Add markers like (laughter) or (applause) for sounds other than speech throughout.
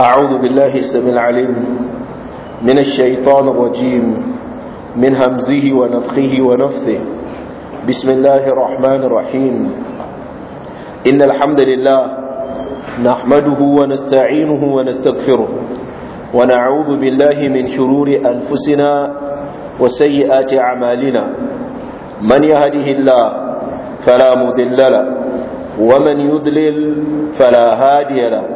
أعوذ بالله السميع العليم من الشيطان الرجيم من همزه ونفخه ونفثه بسم الله الرحمن الرحيم إن الحمد لله نحمده ونستعينه ونستغفره ونعوذ بالله من شرور أنفسنا وسيئات أعمالنا من يهده الله فلا مذل له ومن يذلل فلا هادي له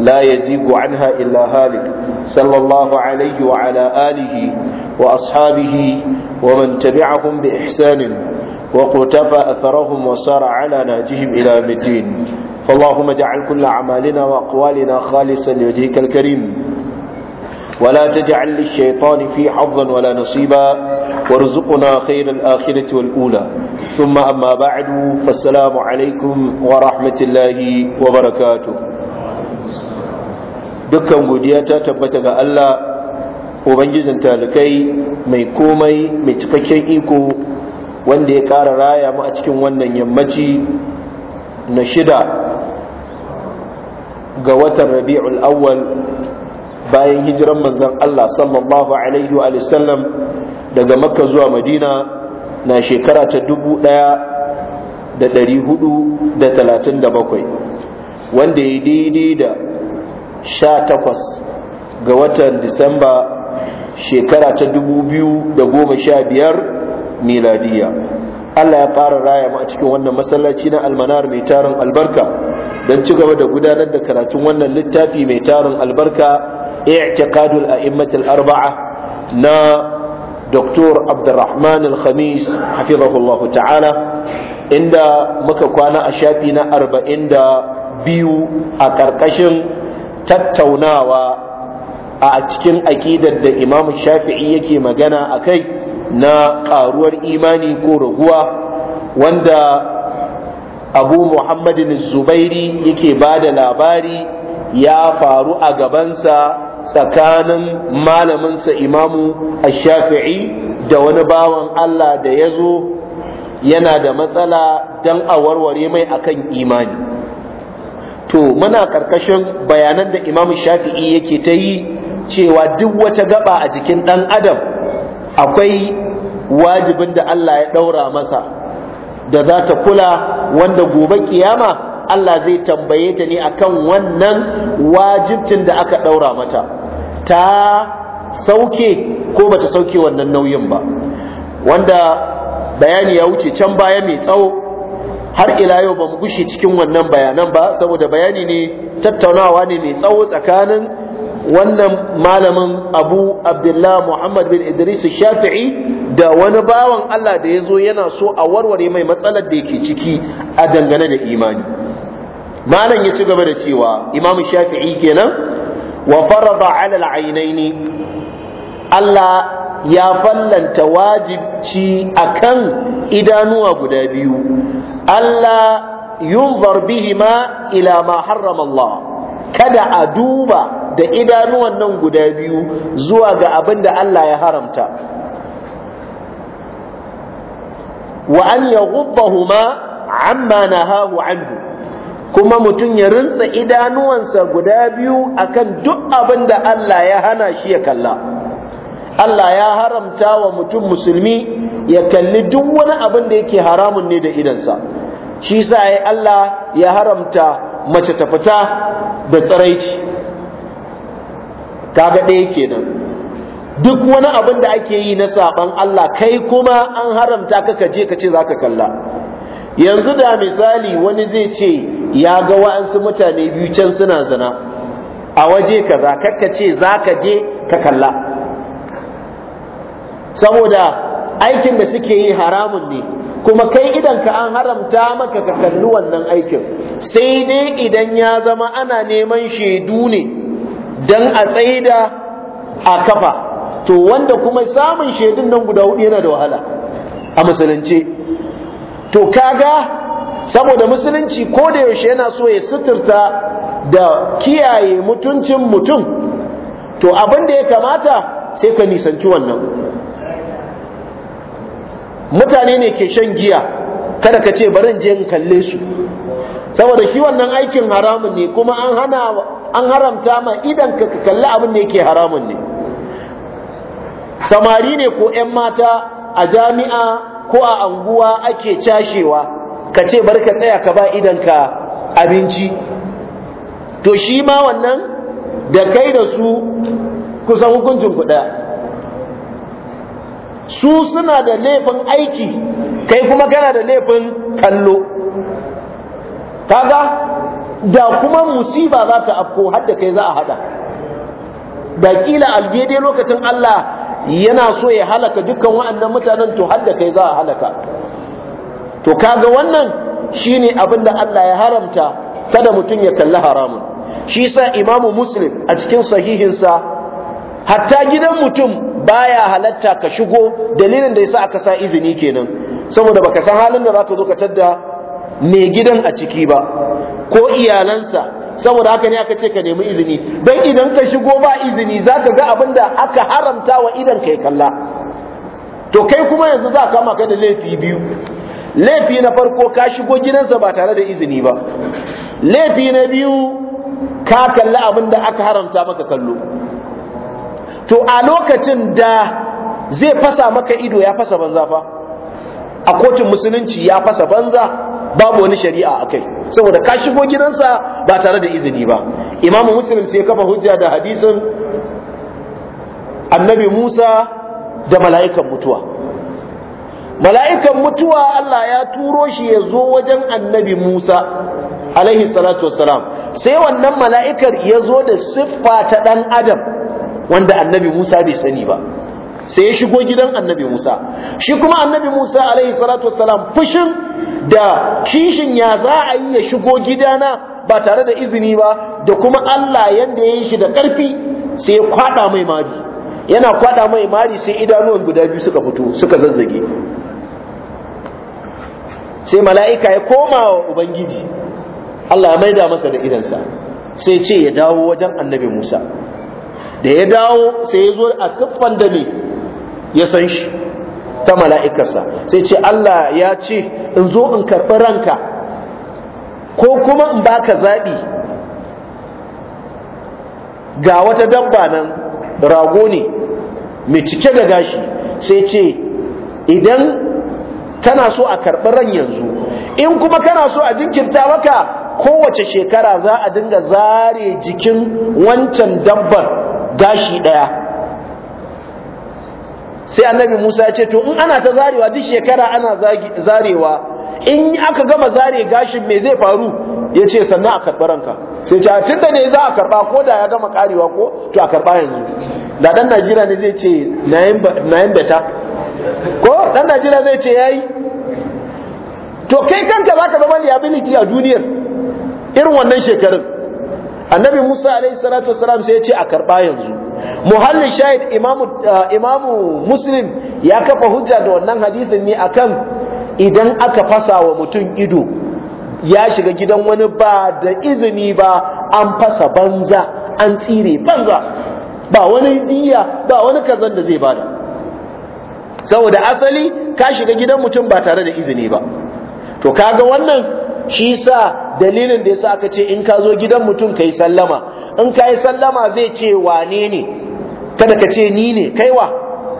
لا يزيغ عنها إلا هالك صلى الله عليه وعلى آله وأصحابه ومن تبعهم بإحسان وقتفى أثرهم وسار على ناجهم إلى الدين فاللهم اجعل كل أعمالنا وأقوالنا خالصا لوجهك الكريم ولا تجعل للشيطان في حظا ولا نصيبا وارزقنا خير الآخرة والأولى ثم أما بعد فالسلام عليكم ورحمة الله وبركاته dukkan godiya ta tabbata ga Allah ubangijin talikai mai komai mai cikakken iko wanda ya ƙara raya mu a cikin wannan yammaci na shida ga watan rabi'ul awwal bayan hijiran manzon Allah sallallahu alaihi wa sallam daga makka zuwa madina na shekara ta dubu ɗaya da ɗari hudu da talatin da bakwai wanda ya daidai da 18 ga watan disamba shekara ta 2015 miladiya Allah ya fara raya mu a cikin wannan masallaci na almanar mai tarin albarka don ci gaba da gudanar da karatun wannan littafi mai tarin albarka i'tiqadul a'immatul arba'a na Dr. abdulrahman Al-Khamis hafizahullah ta'ala inda muka kwana a shafi na 42 a ƙarƙashin tattaunawa a cikin aƙidar da Imam shafi'i yake magana a kai na ƙaruwar imani ko raguwa wanda abu muhammadin zubairi yake ba da labari ya faru a gabansa tsakanin malaminsa imamu shafi'i da wani bawan allah da ya zo yana da matsala don a warware mai akan imani to muna karkashin bayanan da Imam Shafi'i yake ta yi cewa duk wata gaba a jikin ɗan adam akwai wajibin da Allah ya ɗaura masa da za ta kula wanda gobe kiyama Allah zai tambaye ta ne akan wannan wajibcin da aka ɗaura mata ta sauke ko bata sauke wannan nauyin ba wanda bayani ya wuce can baya mai tsawo har ila yau ba mu gushe cikin wannan bayanan ba saboda bayani ne tattaunawa ne mai tsawo tsakanin wannan malamin abu abdullah muhammad bin idris shafi'i da wani bawan allah da ya zo yana so a warware mai matsalar da yake ciki a dangane da imani malam ya ci gaba da cewa imam shafi'i kenan wa farada ala al'ainaini allah ya fallanta wajibci akan idanuwa guda biyu Allah yunzar bihima ila ma harrama Allah kada a duba da idanuwan nan guda biyu zuwa ga abin da Allah ya haramta wa an yaghuddahuma amma hahu anhu kuma mutum ya rinsa idanuwansa guda biyu akan duk abin da Allah ya hana shi ya kalla Allah ya haramta wa mutum musulmi ya kalli duk wani abin da yake haramun ne da idansa shi sa ai Allah ya haramta mace ta fita da tsaraici kaga ɗaya kenan duk wani abin da ake yi na saban Allah kai kuma an haramta ka kaje ka ce zaka kalla yanzu da misali wani zai ce ya ga wa'ansu mutane biyu can suna zina a waje kaza kakka ce zaka je ka kalla saboda aikin da suke yi haramun ne kuma kai idan ka an haramta maka ka kalli wannan aikin sai dai idan ya zama ana neman shaidu ne dan a tsaida a kafa to wanda kuma samun shaidun nan guda hudu yana da wahala a musulunci to kaga saboda musulunci ko da yaushe yana so ya suturta da kiyaye mutuncin mutum to abin da ya kamata sai ka nisanci wannan mutane ne ke shan giya kada ka ce barin je in kalle su saboda shi wannan aikin haramun ne kuma an hana an haramta ma idan ka kalli abin da yake haramun ne samari ne ko ƴan mata a jami'a ko a anguwa ake cashewa ka ce bar ka tsaya ka ba idan ka abinci to shi ma wannan da kai da su kusan hukuncin ku ɗaya su suna da laifin aiki kai kuma kana da laifin kallo kaga da kuma musiba za ta afko har da kai za a hada da kila aljede lokacin Allah yana so ya halaka dukkan waɗannan mutanen to har da kai za a halaka to kaga wannan shine abin da Allah ya haramta kada mutum ya kalli haramun shi sa imamu muslim a cikin sahihinsa hatta gidan mutum baya halatta ka shigo dalilin da yasa aka sa izini kenan saboda baka san halin da zaka zo ka tadda me gidan a ciki ba ko iyalansa saboda haka ne aka ce ka nemi izini dan idan ka shigo ba izini zaka ga abin da aka haramta wa idan kai kalla to kai kuma yanzu za kama ka da laifi biyu laifi na farko ka shigo gidansa ba tare da izini ba laifi na biyu ka kalli abin da aka haramta maka kallo to a lokacin da zai fasa maka ido ya fasa banza fa a kotun musulunci ya fasa banza babu wani shari'a a kai saboda ka shigo gidansa ba tare da izini ba imamu muslim sai kafa hujja da hadisin annabi musa da mala'ikan mutuwa mala'ikan mutuwa allah ya turo shi ya zo wajen annabi musa alaihi salatu wassalam sai wannan mala'ikar ya zo da siffa ta dan adam wanda annabi Musa bai sani ba sai ya shigo gidan annabi Musa shi kuma annabi Musa alaihi salatu wassalam fushin da kishin ya za a yi ya shigo gidana ba tare da izini ba da kuma Allah yanda ya yi shi da ƙarfi sai ya kwada mai mari yana kwada mai mari sai idanuwan guda biyu suka fito suka zazzage sai mala'ika ya koma wa ubangiji Allah ya maida masa da idansa sai ce ya dawo wajen annabi Musa da ya dawo sai ya zo a siffan da ya san shi ta mala'ikarsa sai ce Allah ya ce in zo in karɓi ranka ko kuma in baka zaɓi ga wata dabba nan rago ne mai cike da gashi sai ce idan kana so a karɓi ran yanzu in kuma kana so a jinkirta maka kowace shekara za a dinga zare jikin wancan dabbar gashi ɗaya sai annabi musa ya ce to in ana ta zarewa duk shekara ana zarewa in aka gama zare gashin me zai faru ya ce sannan a karɓi ranka sai ce tun da ne za a karɓa ko da ya gama karewa ko to a karɓa yanzu da ɗan najira ne zai ce na yin bata ko ɗan najeriya zai ce ya yi to kai kanka za ka zama liability a duniyar irin wannan shekarun annabi Musa alaihi salatu wasalam sai ya ce a karɓa yanzu muhallin shahid imamu uh, imamu muslim ya kafa hujja da wannan hadisin ne akan idan aka fasa wa mutum ido ya shiga gidan wani ba da izini ba an fasa banza an tsire banza ba wani diya ba wani kazan da zai bada saboda asali ka shiga gidan mutum ba tare da izini ba to kaga wannan shi sa dalilin da yasa aka ce in ka zo gidan mutum kai sallama in ka yi sallama zai ce wane ne kada ka ce ni ne kaiwa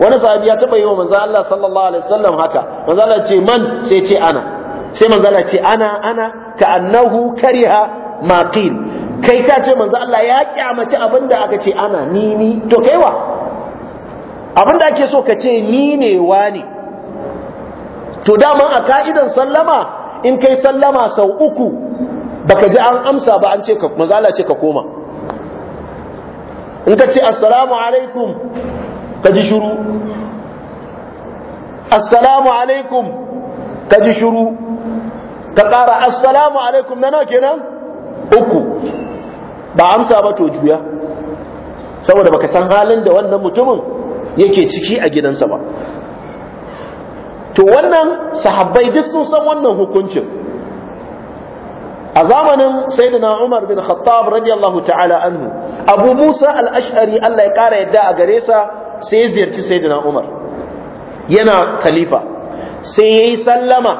wani sahabi ya taba yi wa manzo Allah sallallahu alaihi wasallam haka manzo Allah ce man sai ce ana sai manzo Allah ce ana ana ka annahu kariha maqil kai ka ce manzo Allah ya kyamaci abinda aka ce ana ni ni to kaiwa abinda ake so ka ce ni ne ne? to dama a ka'idan sallama in kai sallama sau uku baka ji an amsa ba an ce ka ce ka koma in ka ce assalamu alaikum ka ji shuru assalamu alaikum ka ji shuru ka ƙara assalamu alaikum na nawa kenan uku ba amsa ba to juya saboda baka san halin da wannan mutumin yake ciki a gidansa ba to wannan sahabbai duk sun san wannan hukuncin a zamanin sayyidina Umar bin Khattab radiyallahu ta'ala anhu Abu Musa al-Ash'ari Allah ya kara yadda a gare sa sai ya ziyarci sayyidina Umar yana khalifa sai yayi sallama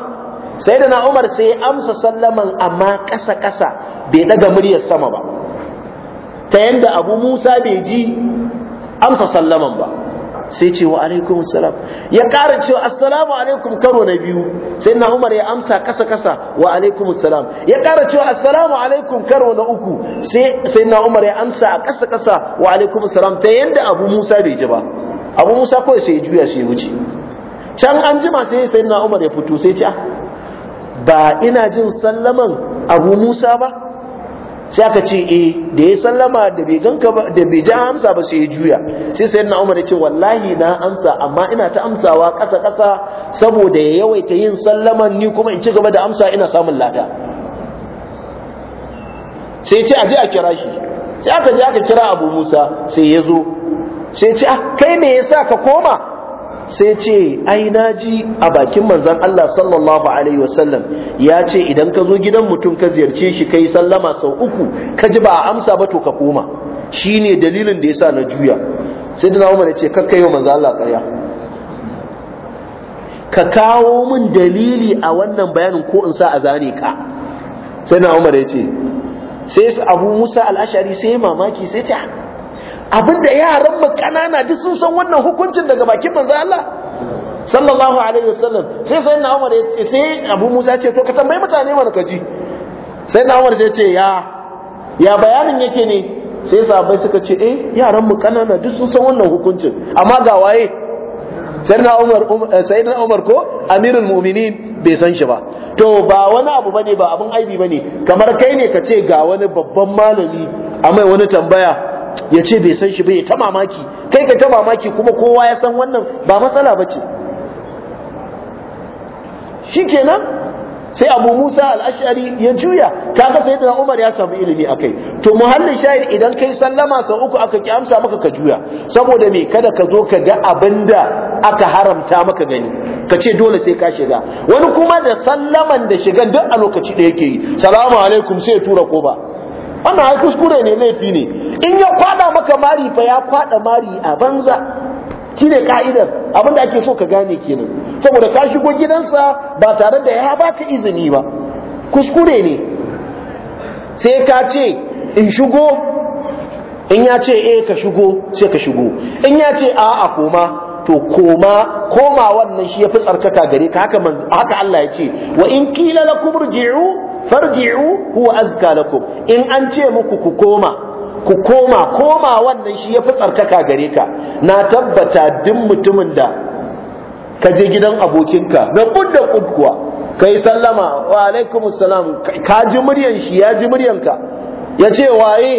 sayyidina Umar sai ya amsa sallaman amma kasa kasa bai daga muryar sama ba ta yanda Abu Musa bai ji amsa sallaman ba sai ce wa alaikum salam ya ƙara cewa assalamu alaikum karo na biyu sai na umar ya amsa kasa kasa wa alaikum salam ya ƙara cewa assalamu alaikum karo na uku sai na umar ya amsa a kasa kasa wa alaikum salam ta yanda abu musa bai ji ba abu musa kawai sai ya juya sai ya wuce can an jima sai sai na umar ya fito sai ce ah, ba ina jin sallaman abu musa ba sai aka ce eh da ya sallama da bai ganka ba da bai ji amsa ba sai ya juya sai sayyidina Umar ya ce wallahi na amsa amma ina ta amsawa kasa kasa saboda ya yawaita yin sallaman ni kuma in ci gaba da amsa ina samun lada sai ce aje a kira shi sai aka je aka kira Abu Musa sai ya zo sai ce ah kai me yasa ka koma sai ce ai naji a bakin manzon Allah sallallahu alaihi wasallam ya ce idan ka zo gidan mutum ka ziyarce shi kai sallama sau uku ka ji ba a amsa ba to ka koma shine dalilin da yasa na juya sai da Umar ya ce kakkai wa manzon Allah ƙarya ka kawo min dalili a wannan bayanin ko in sa a zane ka sai na Umar ya ce sai Abu Musa al-Ash'ari sai mamaki sai ta abinda yaran mu kanana duk sun san wannan hukuncin daga bakin manzo Allah sallallahu alaihi wasallam sai sai na Umar sai Abu Musa ya ce to ka tambayi mutane mana kaji sai na Umar sai ce ya ya bayanin yake ne sai sahabbai suka ce eh yaran mu kanana duk sun san wannan hukuncin amma ga waye na Umar um, eh, na Umar ko amirul mu'minin bai san shi ba to ba wani abu bane ba abun aibi bane kamar kai ne ka ce ga wani babban malami amma wani tambaya ya ce bai san shi ba ya ta mamaki kai ka ta mamaki kuma kowa ya san wannan ba matsala ba ce shi kenan sai abu musa al'ashari ya juya ka sai da umar ya samu ilimi a kai. to muhallin shahid idan kai sallama sau uku aka ki amsa maka ka juya saboda me kada ka zo ka ga abin da aka haramta maka gani ka ce dole sai ka shiga wani kuma da sallaman da shigan duk a lokaci da yake yi salamu alaikum sai ya tura ko ba wannan kuskure ne laifi ne in ya kwada maka mari fa ya kwada mari a banza shine ka'idar abin da ake so ka gane kenan saboda ka shigo gidansa ba tare da ya baka izini ba kuskure ne sai ka ce in shigo in ya ce eh ka shigo sai ka shigo in ya ce a'a koma to koma koma wannan shi yafi tsarkaka gare ka haka haka Allah ya ce wa in kila lakum rji'u farji'u huwa azka lakum in an ce muku ku koma ku koma koma wannan shi ya fi tsarkaka gare ka na tabbata duk mutumin da ka je gidan abokinka na budda kuwa yi sallama wa alaikum salam ka ji muryan shi ya ji muryanka ya ce waye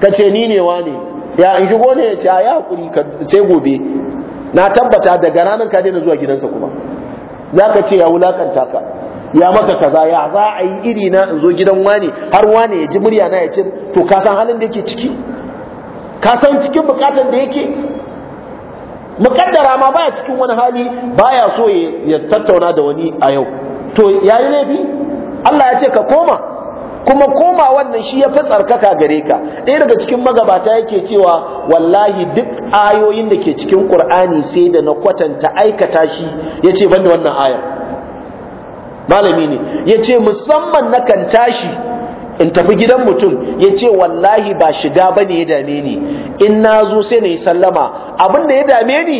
ka ce ni ne ne ya in shigo ne ya ce a ya hakuri ka ce gobe na tabbata daga ranar ka daina zuwa gidansa kuma za ka ce ya wulakanta ka ya maka kaza ya za a yi iri na in zo gidan wani har wani ya ji murya na ya ce to ka san halin da yake ciki ka san cikin bukatan da yake mukaddara ma baya cikin wani hali baya so ya tattauna da wani a yau to yayi laifi Allah ya ce ka koma kuma koma wannan shi ya fi tsarkaka gare ka ɗaya daga cikin magabata yake cewa wallahi duk ayoyin da ke cikin ƙur'ani sai da na kwatanta aikata shi ya ce banda wannan ayar malami ne ya ce musamman na kan tashi in tafi gidan mutum ya ce wallahi ba shiga ba ne ya dame ni in na zo sai na yi sallama abin da ya dame ni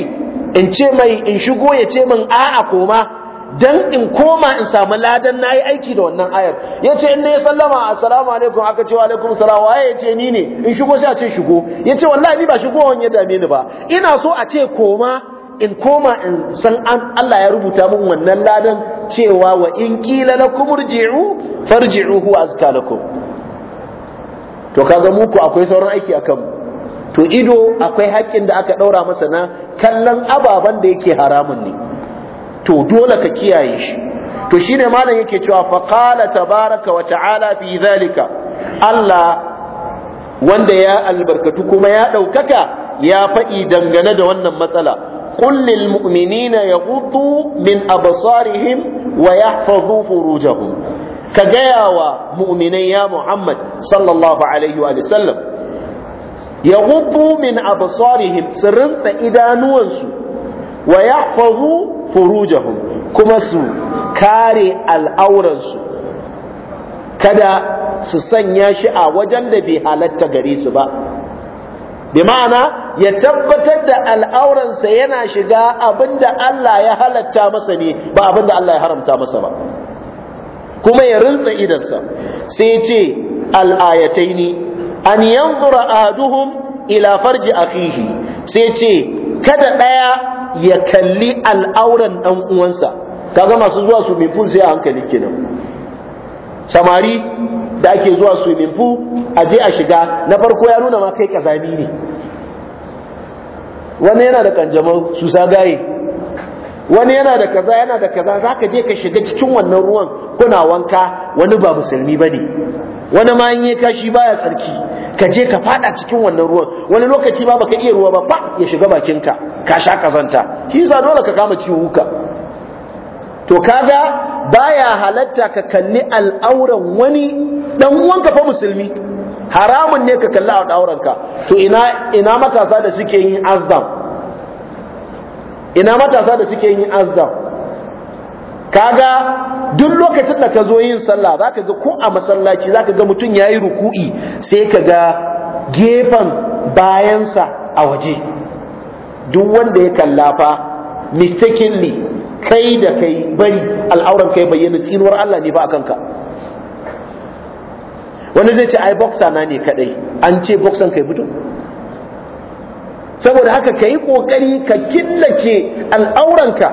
in ce mai in shigo ya ce min a'a koma dan in koma in samu ladan na yi aiki da wannan ayar ya ce in na ya sallama assalamu alaikum aka ce alaikum salam waye ya ce ni ne in shigo sai a ce shigo ya ce wallahi ni ba shigo wani ya dame ni ba ina so a ce koma in koma in san an Allah ya rubuta mun wannan ladan cewa wa in kila lakum irji'u farji'u huwa azka lakum to kaga mu ku akwai sauran aiki akan mu to ido akwai haƙƙin da aka ɗaura masa na kallon ababen da yake haramun ne to dole ka kiyaye shi to shine malam yake cewa fa qala tabaraka wa ta'ala fi zalika Allah wanda ya albarkatu kuma ya ɗaukaka ya faɗi dangane da wannan matsala قل للمؤمنين يغضوا من أبصارهم ويحفظوا فروجهم كجاوى مؤمني يا محمد صلى الله عليه وآله وسلم يغضوا من أبصارهم سرنس إذا نونسوا ويحفظوا فروجهم كما سو كاري الأورنسوا كذا su sanya shi a wajen da bai halatta gare su ba bi ma'ana ya tabbatar da al'auransa yana shiga abinda Allah ya halatta masa ne ba abinda Allah ya haramta masa ba kuma ya rintsa idansa sai ya ce al'ayataini an yanzura ahaduhum ila farji akhihi sai ce kada daya ya kalli al'auran dan uwansa kaga masu zuwa su mai ful sai a hankali kenan samari da ake zuwa swimming pool a je a shiga na farko ya nuna ma kai kazami ne wani yana da kanjamau su gaye wani yana da kaza yana da kaza za ka je ka shiga cikin wannan ruwan kuna wanka wani ba musulmi ba ne wani ma yi kashi baya tsarki ka je ka fada cikin wannan ruwan wani lokaci ba baka iya ruwa ba ba ya shiga bakinka ka sha kazanta shi sa dole ka kama ciwuka to kaga baya halatta ka kalli al'auran wani dan uwanka fa musulmi haramun ne ka kalli al'auranka to ina ina matasa da suke yin azdam ina matasa da suke yin azdam kaga duk lokacin da ka zo yin sallah zaka ga ko a masallaci zaka ga mutum yayi ruku'i sai ka ga gefen bayansa a waje duk wanda ya kalla fa mistakenly kai da kai bari al'auran kai bayyana tsinuwar Allah ne ba a kanka wani zai ce ai boksa na ne kadai an ce boxer kai fito saboda haka ka yi ƙoƙari ka killace al'auranka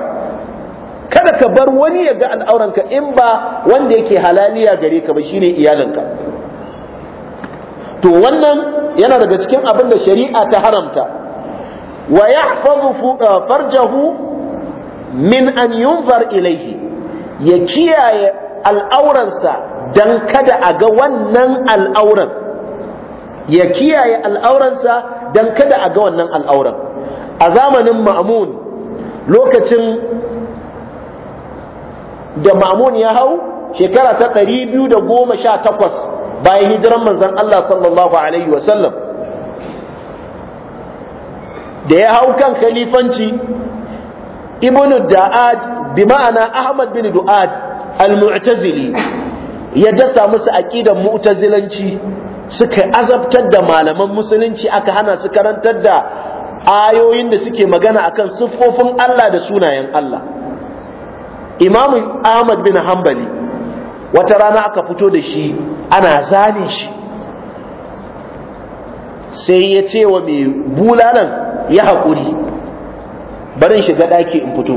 kada ka bar wani ya ga al'auranka in ba wanda yake halaliya gare ka ba shine iyalinka to wannan yana daga cikin abin da shari'a ta haramta wa yahfazu uh, farjahu min an yunzar ilaihi ya kiyaye al'auransa don kada a ga wannan al'auran ya kiyaye al'auransa don kada a ga wannan al'auran a zamanin ma'amun lokacin da ma'amun ya hau shekara ta ɗari biyu 218 bayan hijiran manzan Allah sallallahu Alaihi wasallam da ya hau kan khalifanci ibn da'ad bi ma'ana ahmad bin du'ad al-mu'tazili ya dasa musu aqidan mu'tazilanci suka azabtar da malaman musulunci aka hana su karantar da ayoyin da suke magana akan siffofin Allah da sunayen Allah imamu ahmad bin hanbali wata rana aka fito da shi ana zane shi sai ya ce wa mai bulalan ya haƙuri barin shiga daki in fito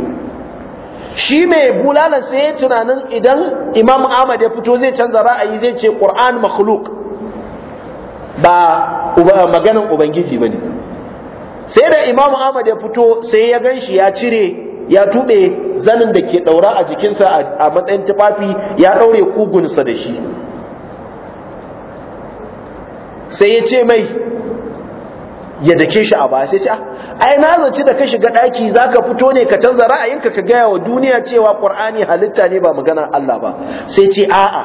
shi mai bulalan sai tunanin idan imam ahmad ya fito zai canza ra'ayi zai ce qur'an makhluk ba maganan ubangiji bane sai da imam ahmad ya fito sai ya ganshi ya cire ya tube zanin da ke daura a jikinsa a matsayin tufafi ya daure kugunsa da shi sai ya ce mai ya dake shi a baya sai ce ah, ai na zaci da ka shiga daki zaka fito ne ka canza ra'ayinka ka gaya wa duniya cewa qur'ani halitta ne ba magana Allah ba sai ce a'a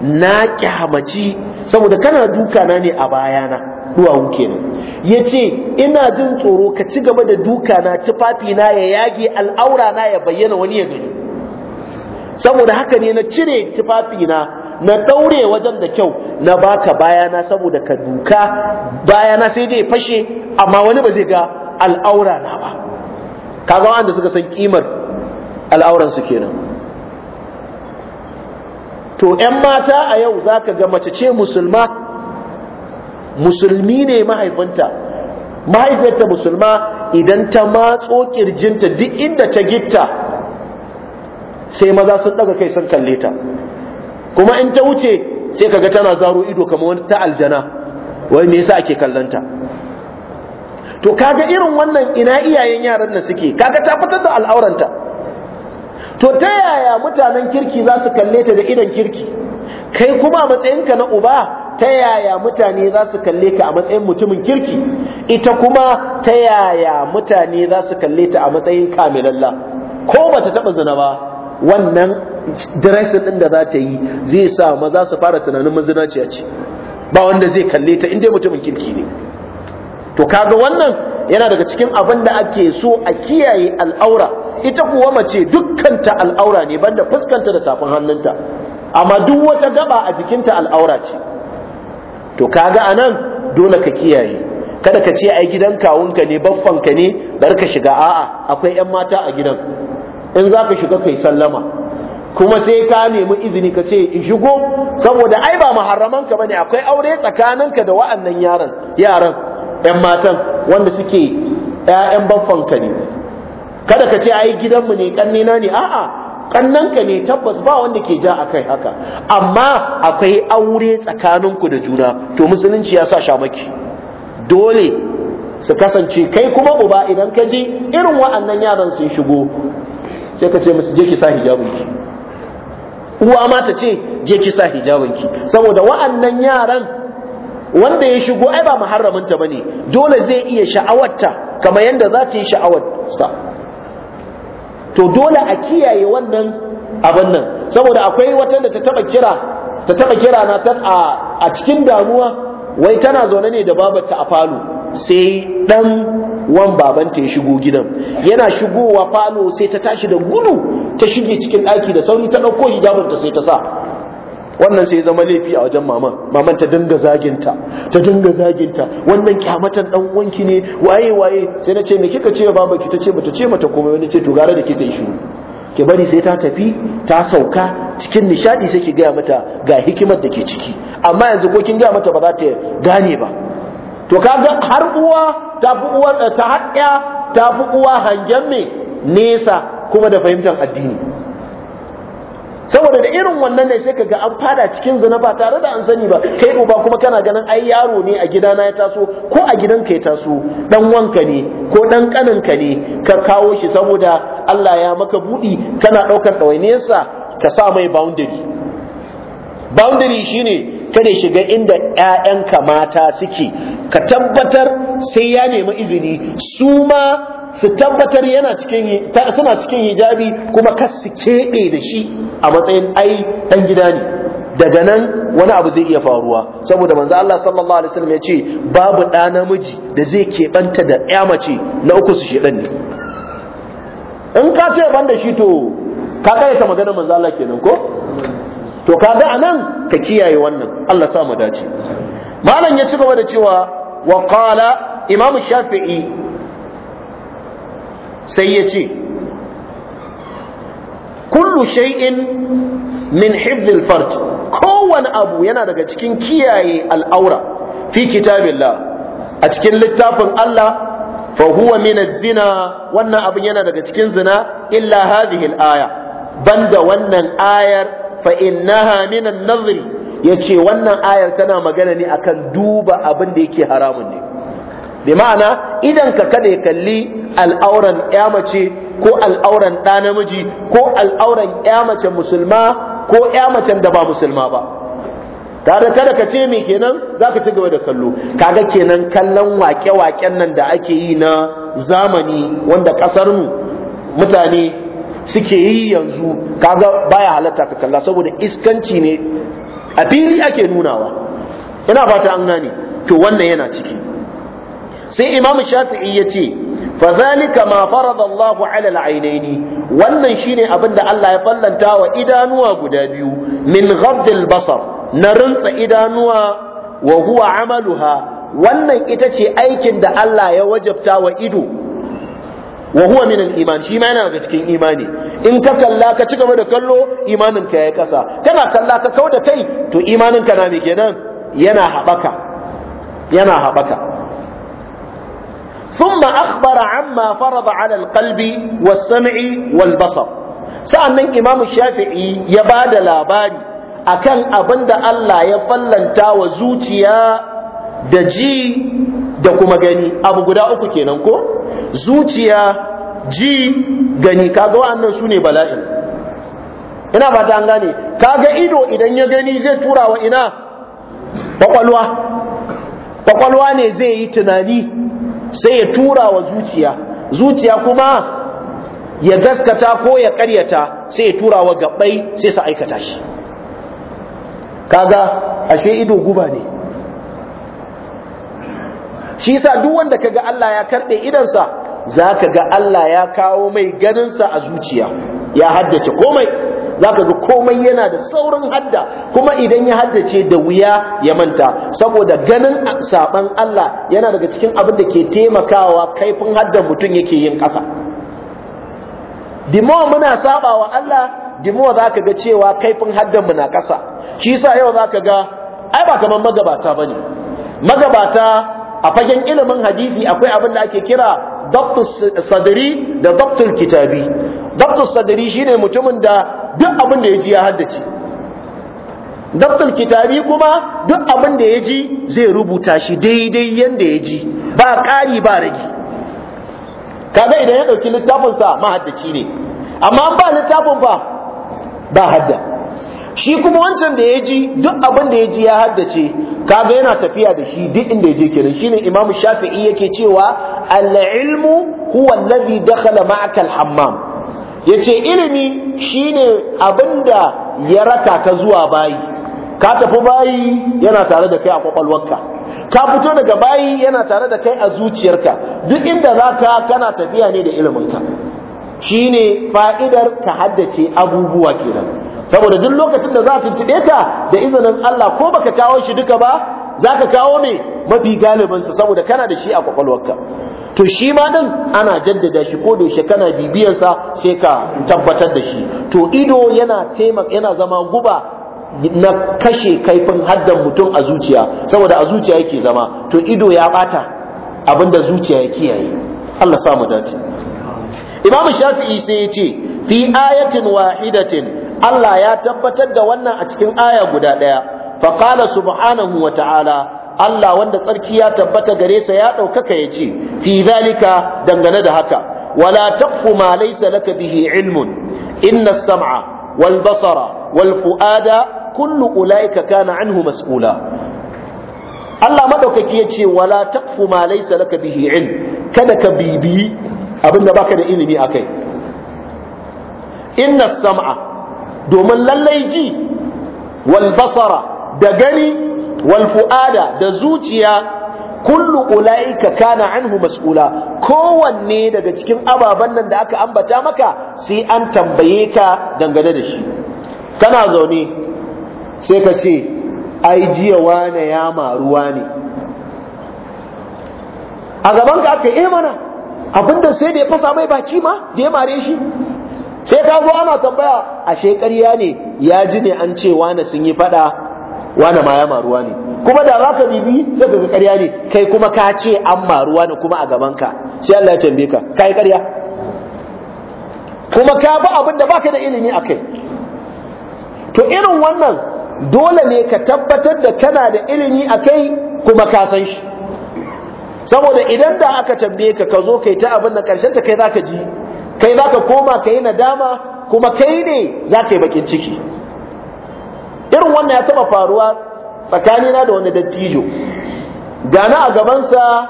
na kyamaci saboda kana dukana ne a bayana wuke ne yace ina jin tsoro ka ci gaba da dukana tufafina ya yage al'aura na ya bayyana wani ya gani saboda haka ne na cire tufafina na daure wajen da kyau na baka bayana saboda ka duka bayana sai dai fashe amma wani ba zai ga al'aura na ba kaga wanda suka san kimar al'auran su kenan to 'yan mata a yau za ka ga mace ce musulma musulmi ne mahaifinta mahaifinta musulma idan ta matso kirjinta duk inda ta gitta sai maza sun daga kai sun kalle ta kuma in ta wuce sai kaga tana zaro ido kamar wani ta aljana wai me yasa ake kallanta to kaga irin wannan ina iyayen yaran nan suke kaga ta fitar da al'auranta to ta yaya mutanen kirki za su kalle ta da idan kirki kai kuma a matsayinka na uba ta yaya mutane za su kalle ka a matsayin mutumin kirki ita kuma ta yaya mutane za su kalle ta a matsayin kamilalla ko ba ta taɓa zina ba wannan dressing din da za ta yi zai sa maza su fara tunanin mazinaciya ce ba wanda zai kalle ta inda mutumin kirki ne to kaga wannan yana daga cikin abin da ake so a kiyaye al'aura ita kuwa mace dukkanta al'aura ne banda fuskanta da tafin hannunta amma duk wata gaba a jikinta al'aura ce to kaga anan dole ka kiyaye kada ka ce ai gidan kawunka ne baffanka ne bar ka shiga a'a akwai yan mata a gidan in za ka shiga kai sallama kuma sai ka nemi izini ka ce in shigo saboda ai ba ka bane akwai aure tsakaninka da wa'annan yaran yaran yan matan wanda suke ƴaƴan baffanka ne kada ka ce ai gidanmu ne na ne a'a ƙannanka ne tabbas ba wanda ke ja akai haka amma akwai aure tsakaninku da juna to musulunci ya sa shamaki dole su kasance kai kuma uba idan ka ji irin wa'annan yaran sun shigo sai ka ce musu je ki sa hijabun ki uwa ma ta ce je ki sa hijabun ki saboda wa'annan yaran wanda ya shigo ai ba muharramin ta bane dole zai iya sha'awarta kamar yanda za ta yi sha'awar sa to dole a kiyaye wannan abin nan saboda akwai wata da ta taba kira ta taba kira na ta a cikin damuwa wai tana zaune ne da babarta a falo sai dan wan babanta ya shigo gidan yana shigowa falo sai ta tashi da gudu ta shige cikin ɗaki da sauri ta ɗauko hijabinta sai ta sa wannan sai zama laifi a wajen maman maman ta dinga zaginta ta dinga zaginta wannan kyamatan dan wanki ne waye waye sai na me kika ce baba ki ta bata ce mata komai wani ce to gara da ke ta yi shiru ki bari sai ta tafi ta sauka cikin nishadi sai ki gaya mata ga hikimar da ke ciki amma yanzu ko kin gaya mata ba za ta gane ba to kaga har uwa Eh, ta fi ta haƙƙa ta fi uwa hangen me nesa kuma da fahimtar addini saboda da irin wannan ne sai kaga an fada cikin zina ba tare da an sani ba kai uba kuma kana ganin ai yaro ne a gidana ya taso ko a gidan ka ya taso dan wanka ne ko dan ka ne ka kawo shi saboda Allah ya maka budi kana daukar ɗawainiyarsa ka sa mai boundary boundary shine kada shiga inda ‘ya'yanka mata suke ka tabbatar sai ya nemi izini su ma su tabbatar yana cikin suna cikin hijabi kuma ka su keɓe da shi a matsayin ai ɗan gida ne daga nan wani abu zai iya faruwa saboda manzo Allah sallallahu alaihi wasallam ya ce babu ɗa namiji da zai keɓanta da ƴa mace na uku su shedan ne in ka ce ban da shi to ka kai ta magana manzo Allah kenan ko to kaga anan ka kiyaye wannan Allah sa mu dace malam ya ci gaba da cewa wa qala imam shafi'i sai ya ce kullu shay'in min hibdil farj kowane abu yana daga cikin kiyaye al'aura fi kitabillah a cikin littafin Allah fa huwa min az-zina wannan abin yana daga cikin zina illa hadhihi al-aya banda wannan ayar fa innaha minan nazri yace wannan ayar tana magana ne akan duba abin da yake haramun ne bi ma'ana idan ka kada ya kalli al'auran ya mace ko al'auran ɗa namiji ko al'auran ya mace musulma ko ya macen da ba musulma ba Kada kada ka ce me kenan za ka ci gaba da kallo kaga kenan kallon wake-waken nan da ake yi na zamani wanda ƙasarmu mu mutane suke yi yanzu kaga baya halatta ka kalla saboda iskanci ne a fili ake nunawa ina fata an gane to wannan yana ciki sai imamu shafi'i ya ce fa ma farada Allahu ala al wannan shine abin da Allah ya fallanta wa idanuwa guda biyu min ghabdil basar na rantsa idanuwa wa huwa amaluha wannan ita ce aikin da Allah ya wajabta wa ido wa huwa min iman shi ma yana daga cikin imani in ka kalla ka ci gaba da kallo imanin ka yayi kasa kana kalla ka kauda kai to imanin ka na me kenan yana habaka yana habaka thumma akhbara amma farada ala al was-sam'i wal-basar sa'annan imam shafi'i ya bada labari akan abinda Allah ya fallanta wa zuciya da ji da kuma gani abu guda uku kenan ko zuciya ji gani kaga wa'annan su ne bala'in ina ba ta gane kaga ido idan ya gani zai tura wa ina kwakwalwa kwakwalwa ne zai yi tunani sai ya tura wa zuciya zuciya kuma ya gaskata ko ya karyata sai ya tura wa gabbai sai su aikata shi kaga ashe ido guba ne shi yasa duk wanda kaga Allah ya karbe idansa zaka ga Allah ya kawo mai ganin sa a zuciya ya haddace komai zaka ga komai yana da saurin hadda kuma idan ya haddace da wuya ya manta saboda ganin saban Allah yana daga cikin abin da ke taimakawa kaifin hadda mutum yake yin ƙasa dimo muna saba wa Allah dimo zaka ga cewa kaifin haddan mu na ƙasa shi yasa yau zaka ga ai ba kaman magabata bane magabata a fagen ilimin hadisi akwai abin da ake kira daftus sadri da daftul kitabi daftus sadri shine mutumin da duk abin da ya ya haddace daftul kitabi kuma duk abin da ya ji zai rubuta shi daidai yanda ya ji ba kari ba rage kaga idan ya ɗauki littafinsa mahaddaci ne amma an ba littafin ba, ba hadda shi kuma wancan da ya ji duk abin da ya ji ya haddace kaga yana tafiya da shi duk inda ya je kenan shine imamu shafi'i yake cewa al-ilmu huwa alladhi dakhala ma'aka al-hammam yace ilimi shine abinda ya raka ka zuwa bayi ka tafi bayi yana tare da kai a kwakwalwarka ka fito daga bayi yana tare da kai a zuciyarka duk inda zaka kana tafiya ne da iliminka shine fa'idar ka haddace abubuwa kenan saboda duk lokacin da za tuntuɓe ka da izinin Allah ko baka kawo shi duka ba za ka kawo ne mafi galibin sa saboda kana da shi a kwakwalwarka to shi ma din ana jaddada shi ko da kana bibiyar sa sai ka tabbatar da shi to ido yana taimaka yana zama guba na kashe kaifin haddan mutum a zuciya saboda a zuciya yake zama to ido ya bata abinda zuciya ya kiyaye Allah sa mu dace Imam Shafi'i sai ya ce fi ayatin wahidatin Allah ya tabbatar da wannan a cikin aya guda ɗaya fa qala subhanahu wa Allah wanda tsarki ya tabbata gare sa ya ɗaukaka ya ce fi zalika dangane da haka wala taqfu ma laysa laka bihi ilmun inna sam'a wal basara wal fuada kullu ulaika kana anhu mas'ula Allah madaukaki ya ce wala taqfu ma laysa laka bihi ilm kada ka bibi abinda baka da ilimi akai inna sam'a domin lallai ji walbasara da gani walfu'ada, da zuciya kullu ulaika kana anhu mas'ula kowanne daga cikin ababen nan da aka ambata maka sai an tambaye ka dangane da shi kana zaune sai ka ce ai jiya wane ya maruwa ne a gaban ka aka yi mana abinda sai da ya fasa mai baki ma da ya mare shi sai ka zo ana tambaya a shekariya ne ya ji ne an ce wane sun yi fada, wane ma ya maruwa ne kuma da za ka bibi sai ka ga ƙarya ne kai kuma ka ce an maruwa ne kuma a gaban ka sai Allah ya tambaye ka kai ƙarya kuma ka bi abin da baka da ilimi a kai to irin wannan dole ne ka tabbatar da kana da ilimi a kai kuma ka san shi saboda idan da aka tambaye ka ka zo kai ta abin da ƙarshen ta kai za ka ji kai za ka koma ka yi nadama kuma kai ne za ka yi bakin ciki irin wannan ya taba faruwa tsakanina da wani dattijo gana a gabansa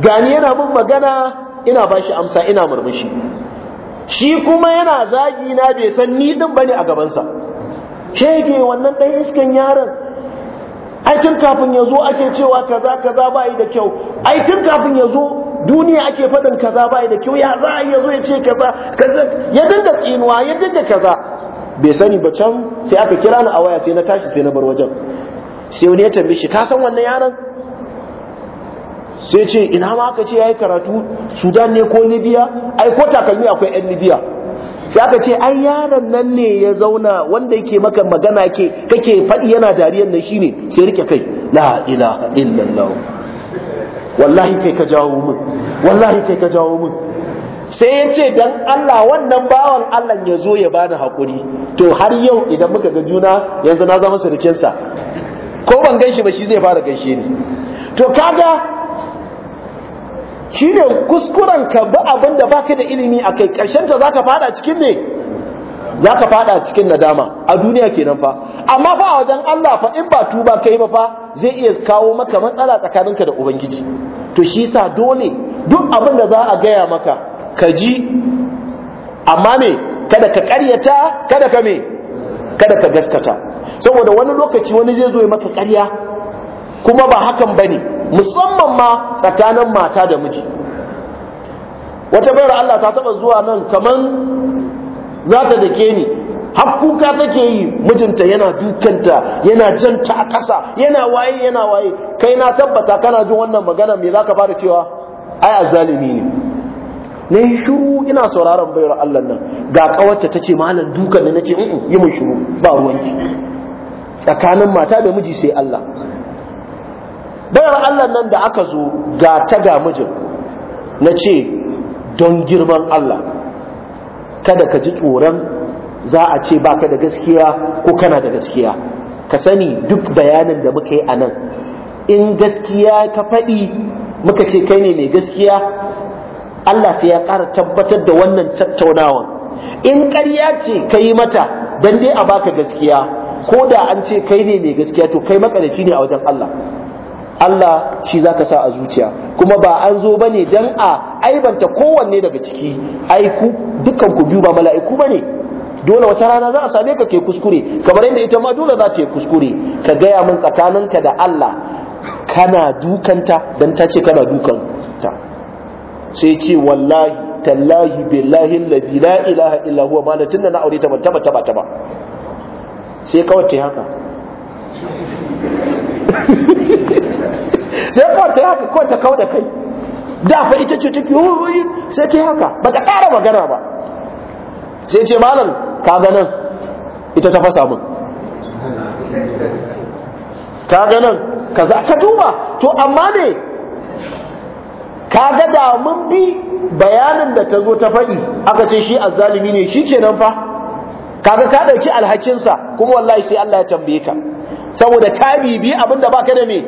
gani yana min magana ina ba shi amsa ina murmushi shi kuma yana zagi na bai san ni din bane a gabansa shege wannan ɗan iskan yaron ai tun kafin ya zo ake cewa kaza kaza ba yi da kyau ai tun kafin ya zo duniya ake faɗin kaza baya da kyau ya za a iya zo ya ce kaza kaza ya dinga tsinuwa ya dinga kaza bai sani ba can sai aka kira ni a waya sai na tashi sai na bar wajen sai wani ya tambaye shi ka san wannan yaron sai ce ina ma aka ce yayi karatu Sudan ne ko libiya? ai ko takalmi akwai yan Libya sai aka ce ai yaron nan ne ya zauna wanda yake maka magana ke kake faɗi yana dariyar nan shine sai rike kai la ilaha illallah wallahi kai ka jawo min wallahi kai ka jawo min sai ya ce dan Allah wannan bawan Allah ya zo ya bani hakuri to har yau idan muka ga juna yanzu na zama sa ko ban ganshi ba shi zai fara gaishe ni to kaga shine kuskuren ka ba abin baka da ilimi akai karshen ta zaka fada cikin ne zaka fada cikin nadama a duniya kenan fa amma fa a wajen Allah fa in ba tuba kai ba fa zai iya kawo maka matsala tsakaninka da ubangiji to shi sa dole duk abin da za a gaya maka ka ji amma me kada ka karyata kada ka me kada ka gaskata saboda wani lokaci wani zai zo ya maka karya kuma ba hakan bane musamman ma tsakanin mata da miji wata bayar Allah ta taba zuwa nan kaman za ta dake ni hakuka take yi mijinta yana dukanta yana janta a ƙasa yana waye yana waye kai na tabbata kana jin wannan magana me zaka fara cewa ai azalimi ne ne shiru ina sauraron bayar Allah nan ga kawarta tace malam dukan ne nace yi mun shiru ba ruwanki tsakanin mata da miji sai Allah bayar Allah nan da aka zo ga ta ga mijin nace don girman Allah kada ka ji tsoron za a ce baka da gaskiya ko kana da gaskiya ka sani duk bayanin da muka yi a nan in gaskiya ka faɗi muka ce kai ne mai gaskiya Allah sai ya ƙara tabbatar da wannan tattaunawan in ƙarya ce ka yi mata don dai a baka gaskiya ko da an ce kai ne mai gaskiya to kai makarici ne a wajen Allah Allah shi za ka sa a zuciya kuma ba an zo ba ne don a aibanta kowanne daga ciki ai dukanku biyu ba mala'iku ba ne dole wata rana za a same ka ke kuskure kamar yadda ita ma dole za ta yi kuskure ka gaya min tsakaninka da Allah kana dukanta dan ta ce kana dukanta sai ce wallahi tallahi billahi allazi la ilaha illa huwa ma da na aure ta ban taba taba taba sai kawai ta haka (laughs) sai kawai ta haka kawai ta kawai da kai da fa ita ce take sai ta haka ba ta ƙara magana ba sai ce malam kaga nan ita ta fasa min kaga nan kaza ka duba to amma ne kaga da mun bi bayanin da ta zo ta faɗi aka ce shi azzalimi ne shi kenan fa kaga ka ɗauki alhakinsa kuma wallahi sai Allah ya tambaye ka saboda ka bibi abinda ba baka da me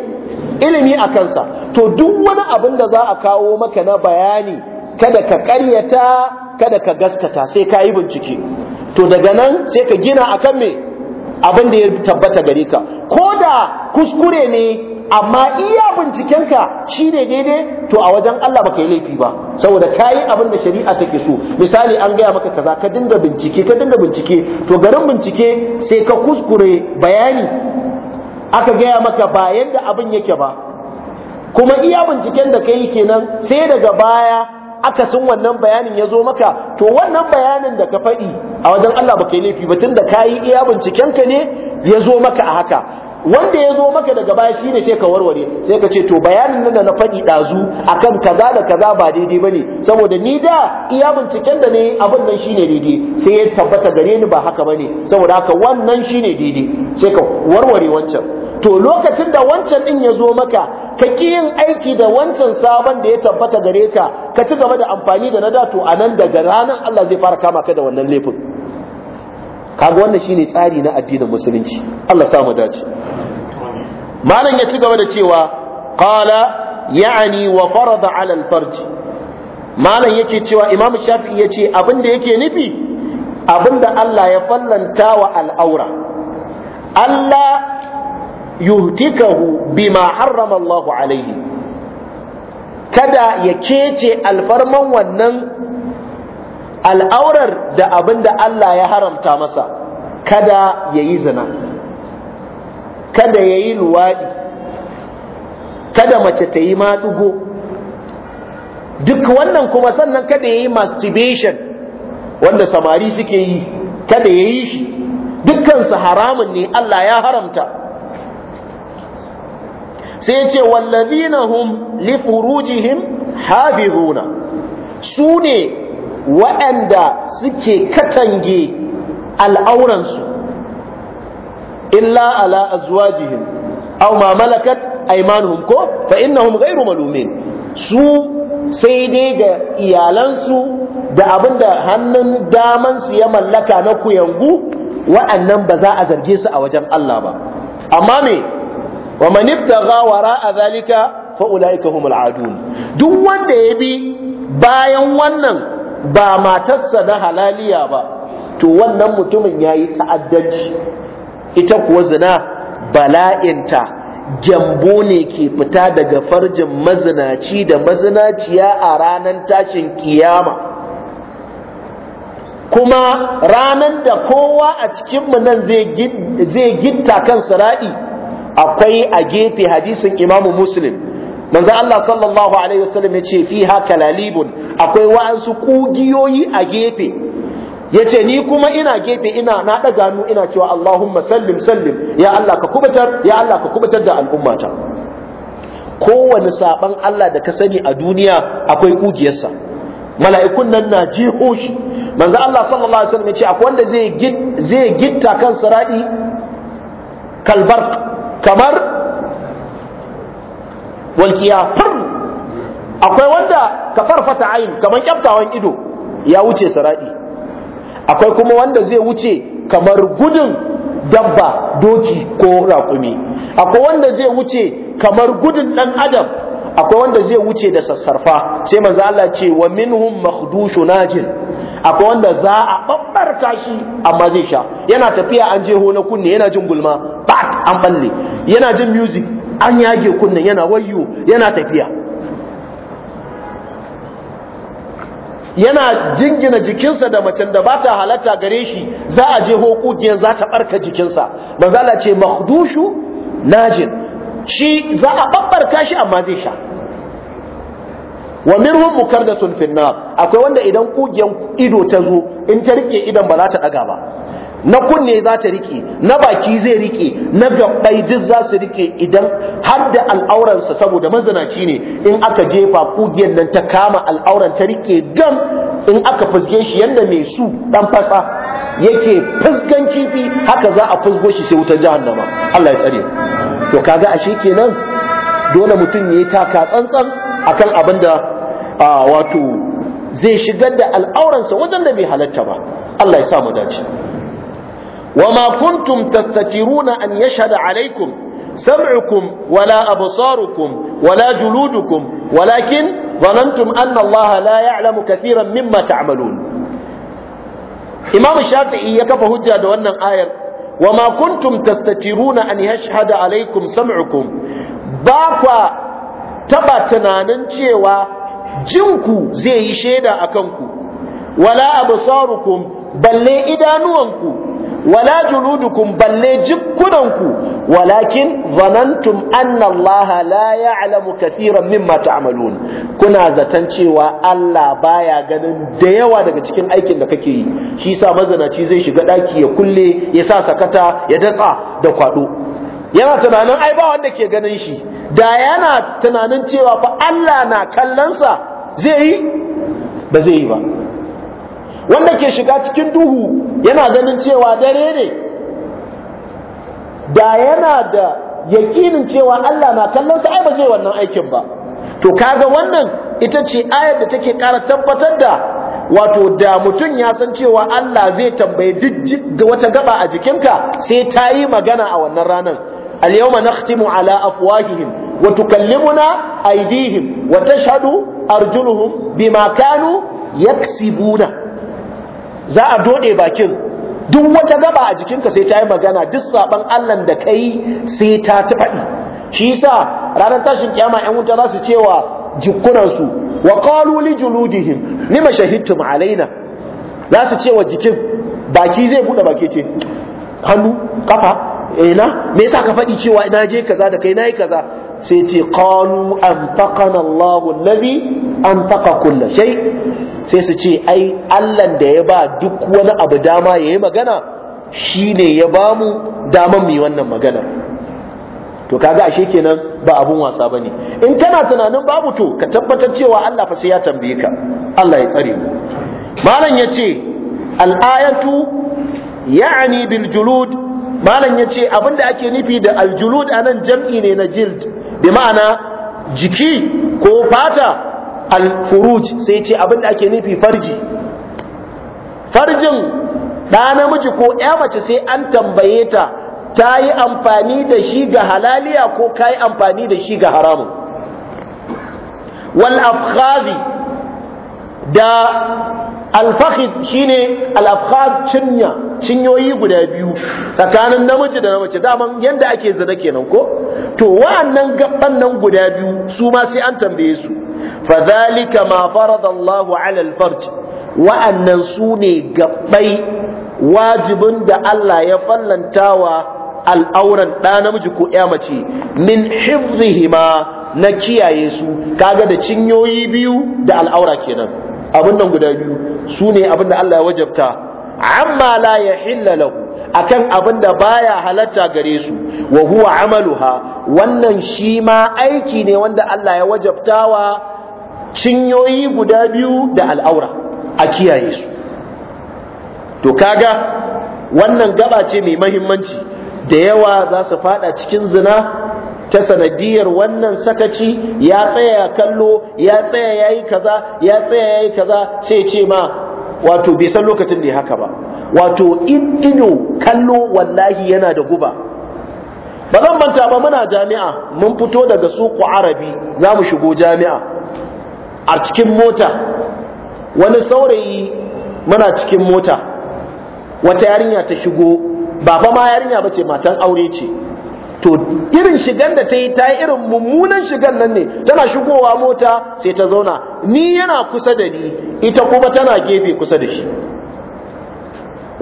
ilimi a kansa to duk wani abin da za a kawo maka na bayani kada ka ƙaryata kada ka gaskata sai ka yi bincike to daga nan sai ka gina akan me abin da ya tabbata gare ka ko da kuskure ne amma iya bincikenka shi ne daidai to a wajen Allah baka yi laifi ba saboda ka yi abin da shari'a take so misali an gaya maka kaza ka dinga bincike ka dinga bincike to garin bincike sai ka kuskure bayani aka gaya maka ba yadda abin yake ba kuma iya binciken da kayi kenan sai daga baya akasin wannan bayanin ya zo maka to wannan bayanin da ka faɗi a wajen Allah ba yi laifi ba tunda ka yi iya bincikenka ne ya zo maka a haka wanda ya zo maka daga baya shine sai ka warware sai ka ce to bayanin nan da na faɗi ɗazu akan kaza da kaza ba daidai bane saboda ni da iya binciken da ne abin nan shine daidai sai ya tabbata gare ni ba haka bane saboda haka wannan shine daidai sai ka warware wancan to lokacin da wancan din ya zo maka ka ƙi yin aiki da wancan sabon da ya tabbata gare ka ka ci gaba da amfani da na da to a nan daga ranar Allah zai fara kama ka da wannan laifin kaga wannan shine tsari na addinin musulunci Allah sa mu dace malam ya ci gaba da cewa qala ya'ani wa farada 'ala al-farj malam yake cewa imam shafi'i yace abinda yake nufi abinda Allah ya fallanta wa al-aura Allah yuhtikahu bima harrama Allah alaihi kada ya kece alfarman wannan al'aurar da abinda Allah ya haramta masa kada ya yi zina kada ya yi luwaɗi kada mace ta yi maɗugo duk wannan kuma sannan kada ya yi masturbation wanda samari suke yi kada ya yi shi dukkansu haramun ne Allah ya haramta sai ya ce wallazina hum li furujihim hafizuna su ne waɗanda suke katange al'auransu illa ala azwajihim aw ma malakat aymanuhum ko fa innahum ghayru malumin su sai dai ga iyalansu da abinda hannun damansu ya mallaka na kuyangu wa'annan ba za a zarge su a wajen Allah ba amma me wa man ibtagha wara'a zalika fa ulaika humul adun duk wanda ya bi bayan wannan ba matarsa na halaliya ba to wannan mutumin yayi ta'addanci ita kuwa zina bala'inta gyambo ne ke fita daga farjin mazinaci da mazinaciya a ranar tashin kiyama kuma ranar da kowa a cikinmu nan zai gitta kan sira'i akwai a gefe hadisin imamu muslim manzo Allah sallallahu alaihi wasallam yace fiha kalalibun akwai wa'ansu kugiyoyi a gefe yace ni kuma ina gefe ina na daga nu ina cewa Allahumma sallim sallim ya Allah ka kubutar ya Allah ka kubutar da al'ummata kowane saban Allah da ka sani a duniya akwai kugiyarsa mala'ikun nan na jeho shi manzo Allah sallallahu alaihi wasallam yace akwai wanda zai zai gitta kan sarai kalbarq kamar walƙiya akwai wanda ka farfata ayin kamar kyaftawan ido ya wuce saradi akwai kuma wanda zai wuce kamar gudun dabba doki ko raƙumi akwai wanda zai wuce kamar gudun ɗan adam akwai wanda zai wuce da sassarfa sai manzo Allah ce wa minhum makhdushu najin akwai wanda za a babbar tashi amma zai sha yana tafiya an jeho na kunne yana jin gulma ba an balle yana jin music an yage kunnen yana wayo yana tafiya yana jingina jikinsa da macen da ba ta halatta gare shi za a je hokukiyar za ta barka jikinsa a ce makhdushu najin shi za a babbarka shi amma zai sha wa mukar da finnar akwai wanda idan kugiyar ido ta zo in ta rike idan ba za ta daga ba na kunne za ta rike na baki zai rike na gabbai duk za su rike idan har da al'auransa saboda mazinaci ne in aka jefa kugiyar nan ta kama al'auran ta rike gam in aka fusge shi yadda mai su dan fasa yake fuskan kifi haka za a fusgo shi sai wutar jahannama Allah ya tsare to kaga ashe kenan dole mutum ya taka tsantsan akan abin da wato zai shigar da al'auransa wajen da bai halatta ba Allah ya sa mu dace وما كنتم تستترون أن يشهد عليكم سمعكم ولا أبصاركم ولا جلودكم ولكن ظننتم أن الله لا يعلم كثيرا مما تعملون إمام الشافعي يكفى هجة دوانا آية وما كنتم تستترون أن يشهد عليكم سمعكم باقوا تبا تنانن cewa jinku zai yi shaida akan ku wala absarukum balle idanuwanku wala جلودكم بل لجكنكم walakin ظننتم anna الله لا يعلم كثيرا مما تعملون kuna zaton cewa Allah baya ganin da yawa daga cikin aikin da kake yi shi yasa mazanaci zai shiga daki ya kulle ya sa sakata ya datsa da kwado yana tunanin ai ba wanda ke ganin shi da yana tunanin cewa fa Allah na kallonsa zai yi ba zai yi ba wanda ke shiga cikin duhu yana ganin cewa dare ne da yana da yakinin cewa Allah na kallon sa ai ba zai wannan aikin ba to kaga wannan ita ce ayar da take ƙara tabbatar da wato da mutum ya san cewa Allah zai tambaye duk wata gaba a jikinka sai ta yi magana a wannan ranar al-yawma nakhtimu ala afwahihim وتكلمنا أيديهم وتشهد أرجلهم بما كانوا yaksibuna za a dode bakin duk wata gaba a jikinka sai ta yi magana duk saban Allah da kai sai ta ta faɗi shi yasa ranar tashin kyama ƴan wuta za su cewa jikunansu wa qalu li juludihim lima shahidtum alaina za su cewa jikin baki zai bude baki ce hannu kafa ina eh, me yasa ka faɗi cewa ina je kaza da kai nayi kaza sai ce qalu antaqana Allahu allazi antaqa kulla shay sai su ce ai Allah da ya ba duk wani abu dama yayi magana shine ya bamu daman mu wannan magana to kaga ashe kenan ba abun wasa bane in kana tunanin babu to ka tabbatar cewa Allah fa sai ya tambaye ka Allah ya tsare mu malam yace al-ayatu ya'ni bil julud malam yace abinda ake nufi da al-julud anan jam'i ne na jild bi ma'ana jiki ko fata al-furuj sai ce abin da ake nufi farji farjin ɗa namiji ko ya mace sai an tambaye ta ta yi amfani da shi ga halaliya ko ka yi amfani da shi ga haramun wal afkhazi da alfahid shine alafhad cinya cinyoyi guda biyu tsakanin namiji da namace daman yanda ake zina kenan ko to wa'annan gaban nan guda biyu su ma sai an tambaye su fa zalika ma farada ala alfarj wa'annan su ne gabbai wajibin da Allah ya fallantawa al'auran ɗa namiji ko ya mace min hifzihima na kiyaye su kaga da cinyoyi biyu da al'aura kenan abin nan guda biyu su ne abinda Allah ya wajabta amma la yahilla lahu akan abinda baya halatta gare su wa huwa amaluha wannan shi ma aiki ne wanda Allah ya wajabtawa cinyoyi guda biyu da al'aura a kiyaye su to kaga wannan gaba ce mai mahimmanci da yawa za su fada cikin zina ta sanadiyar wannan sakaci ya tsaya ya kallo ya tsaya yayi kaza ya tsaya yayi kaza sai ce ma wato bai san lokacin da ya haka ba wato in ido kallo wallahi yana da guba ba zan manta ba muna jami'a mun fito daga suku arabi za mu shigo jami'a a cikin mota wani saurayi muna cikin mota wata yarinya ta shigo ba ma yarinya bace matan aure ce to irin shigan da ta yi ta yi irin mummunan shigan nan ne tana shigowa mota sai ta zauna ni yana kusa da ni ita kuma tana gefe kusa da shi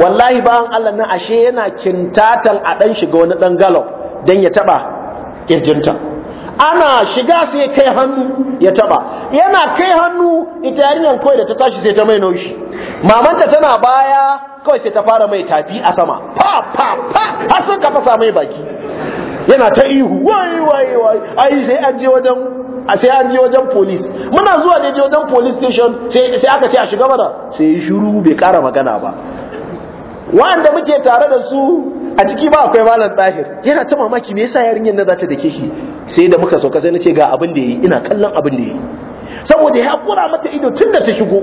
wallahi bayan Allah na ashe yana kintatan a dan shiga wani ɗan galo dan ya taba kirjinta ana shiga sai kai hannu ya taba yana kai hannu ita yarinyar kawai da ta tashi sai ta mai naushi mamanta tana baya kawai sai ta fara mai tafi a sama fa fa fa har sun kafa sa mai baki yana ta ihu wai wai wai ai sai an je wajen a sai an je wajen police muna zuwa ne je wajen police station sai aka ce a shiga mana sai shiru bai kara magana ba wanda muke tare da su a ciki ba akwai malam tahir yana ta mamaki me yasa yarinyar nan za ta dake shi sai da muka sauka sai nace ga abin da yayi ina kallon abin da yayi saboda ya kura mata ido tun da ta shigo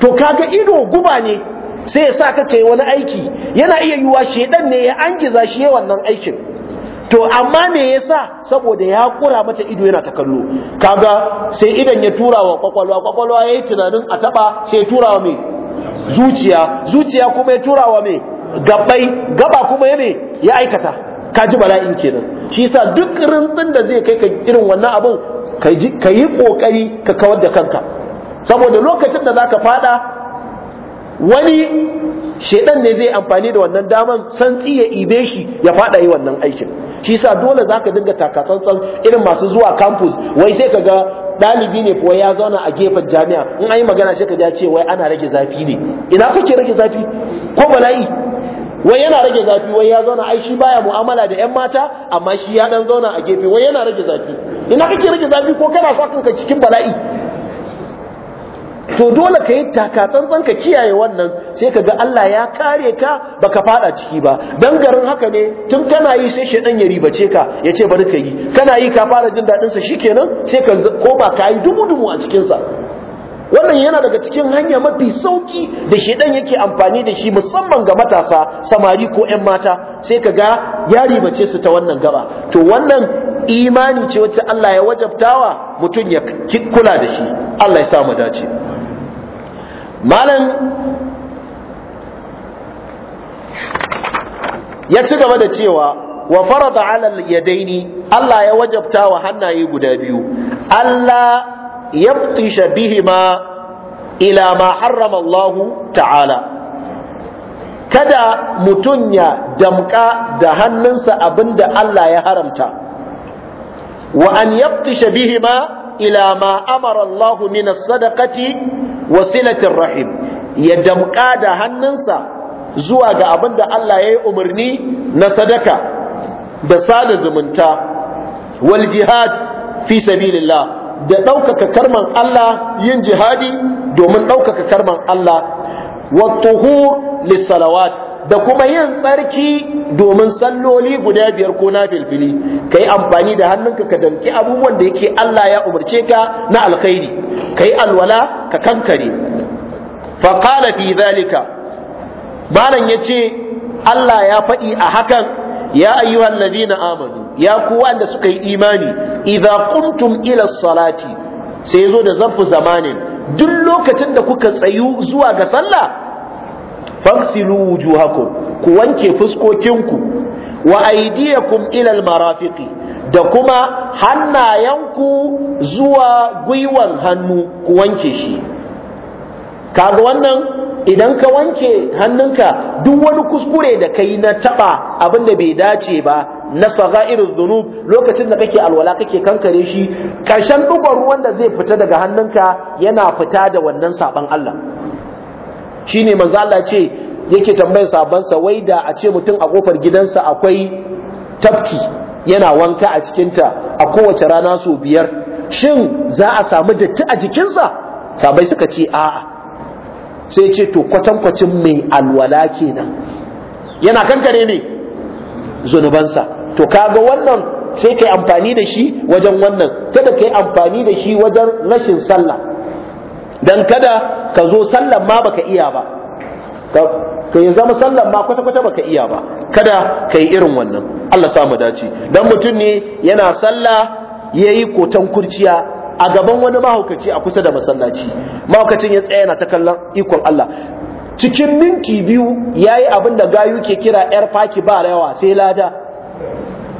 to kaga ido guba ne sai ya sa ka kai wani aiki yana iya yiwa shedan ne ya angiza shi wannan aikin to amma me yasa saboda ya kura mata ido yana ta kallo kaga sai idan ya tura wa kwakwalwa kwakwalwa yayi tunanin a taba sai tura wa me zuciya zuciya kuma ya tura wa me gabbai gaba kuma ya me ya aikata kaji bala'in kenan shi yasa duk rintsin da zai kai ka irin wannan abun ka yi kokari ka kawar da kanka saboda lokacin da zaka fada wani shedan ne zai amfani da wannan daman san tsiye ibe shi ya fada yi wannan aikin shi sa dole zaka dinga takatsantsan irin masu zuwa campus wai sai ka ga dalibi ne kuwa ya zauna a gefen jami'a in an magana sai ka ce wai ana rage zafi ne ina kake rage zafi ko bala'i wai yana rage zafi wai ya zauna ai shi baya mu'amala da yan mata amma shi ya dan zauna a gefe wai yana rage zafi ina kake rage zafi ko kana sa kanka cikin bala'i to dole ka yi tsantsan ka kiyaye wannan sai ka ga Allah ya kare ka baka fada ciki ba dan garin haka ne tun kana yi sai shedan ya ribace ka ya ce bari ka yi kana yi ka fara jin dadin sa shikenan sai ka koma ka yi dubu dubu a cikin sa wannan yana daga cikin hanya mafi sauki da shedan yake amfani da shi musamman ga matasa samari ko ƴan mata sai ka ga ya ribace su ta wannan gaba to wannan imani ce wacce Allah ya wajabtawa mutum ya kula da shi Allah ya sa mu dace malam ya ci gaba da cewa wa farada alal yadaini Allah ya wajabta wa hannaye guda biyu Allah yabtisha bihima ila ma harrama Allah ta'ala kada mutum ya damka da hannunsa abinda Allah ya haramta wa an yabtisha bihima ila ma amara Allah min as-sadaqati wasilatir rahim ya damƙa da hannunsa zuwa ga abin da Allah ya yi umarni na sadaka da sada zumunta wal jihad fi sabilillah da ɗaukaka karman Allah yin jihadi domin ɗaukaka karman Allah wa tuhur lissalawat da kuma yin tsarki domin salloli guda biyar ko na filfili ka yi amfani da hannunka ka damki abubuwan da yake Allah ya umarce ka na alkhairi ka yi alwala ka kankare faƙala fi zalika malam ya ce Allah ya faɗi a hakan ya ayyuhan na amanu ya ku wanda suka yi imani idza qumtum ila salati sai zo da zarfu zamanin duk lokacin da kuka tsayu zuwa ga sallah faksilu wujuhakum ku wanke fuskokinku wa aydiyakum ila almarafiqi da kuma hannayenku zuwa gwiwan hannu ku wanke shi kaga wannan idan ka wanke hannunka duk wani kuskure da kai na taba abin da bai dace ba na sagairu dhunub lokacin da kake alwala kake kankare shi karshen dubar ruwan da zai fita daga hannunka yana fita da wannan saban Allah shine manzo Allah ce yake tambayar sa wai da a ce mutum a kofar gidansa akwai tafki yana wanka a cikinta a kowace rana sau biyar shin za a samu datti a jikinsa sabai suka ce a'a sai ce to kwatankwacin mai alwala kenan yana kankare ne zunubansa to kaga wannan sai kai amfani da shi wajen wannan kada kai amfani da shi wajen rashin sallah dan kada ka zo sallan ma baka iya ba ka yi zama sallan ma kwata kwata baka iya ba kada ka yi irin wannan Allah samu dace dan mutum ne yana sallah yayi kotan kurciya a gaban wani mahaukaci a kusa da masallaci mahaukacin ya tsaya yana ta kallon ikon Allah cikin minti biyu yayi abin da gayu ke kira yar faki ba yawa sai lada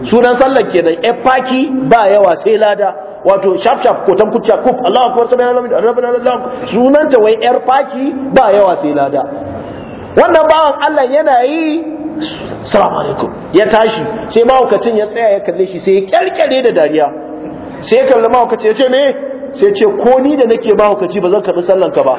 sunan sallar kenan yar faki ba yawa sai lada wato sharp sharp ko tan kuciya kuf Allahu akbar sabana lamin rabbana lillahi sunanta wai yar faki ba yawa sai lada wannan bawan Allah yana yi assalamu alaikum ya tashi sai mahaukacin ya tsaya ya kalle shi sai ya kyalkyale da dariya sai ya kalli mahaukacin ya ce me sai ya ce ko ni da nake mahaukaci ba zan karɓi sallanka ba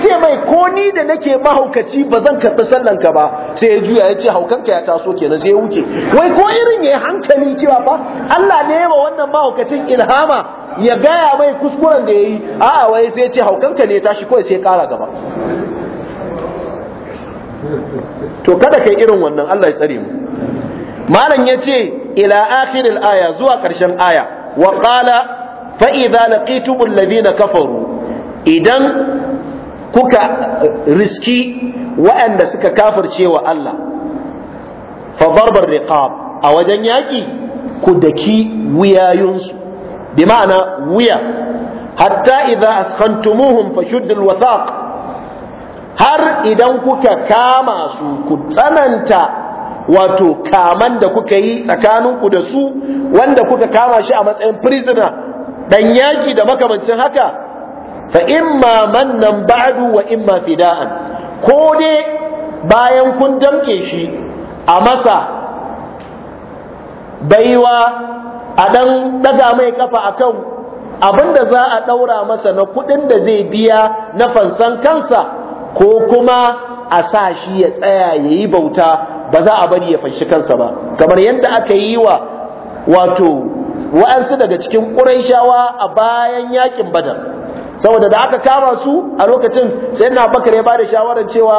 ce mai ko ni da nake mahaukaci ba zan karɓi sallanka ba sai ya juya ya ce haukanka ya taso kenan sai ya wuce wai ko irin ya hankali cewa ba Allah ne ma wannan mahaukacin ilhama ya gaya mai kuskuren da ya yi a'a wai sai ya ce haukanka ne ya tashi kawai sai ya ƙara gaba to kada kai irin wannan Allah ya tsare mu malam ce, ila akhiril aya zuwa ƙarshen aya wa qala fa idza laqitumul ladina kafaru idan kuka riski waɗanda suka kafirce wa Allah fa darbar riqab a wajen yaki ku daki wuyayunsu bi ma'ana wuya hatta idza askhantumuhum fashuddu alwathaq har idan kuka kama su ku tsananta wato kaman da kuka yi tsakaninku da su wanda kuka kama shi a matsayin prisoner dan yaki da makamancin haka fa imma mannan ba'du wa imma fida'an ko dai bayan kun damke shi a masa baiwa a ɗan ɗaga mai kafa akan abinda za a ɗaura masa na kuɗin da zai biya na fansan kansa ko kuma a sa shi ya tsaya ya yi bauta ba za a bari ya fashi kansa ba kamar yadda aka yi wa wato wa'ansu daga cikin ƙuraishawa a bayan yakin badar saboda da aka kama su a lokacin sai na bakar ya bada shawarar cewa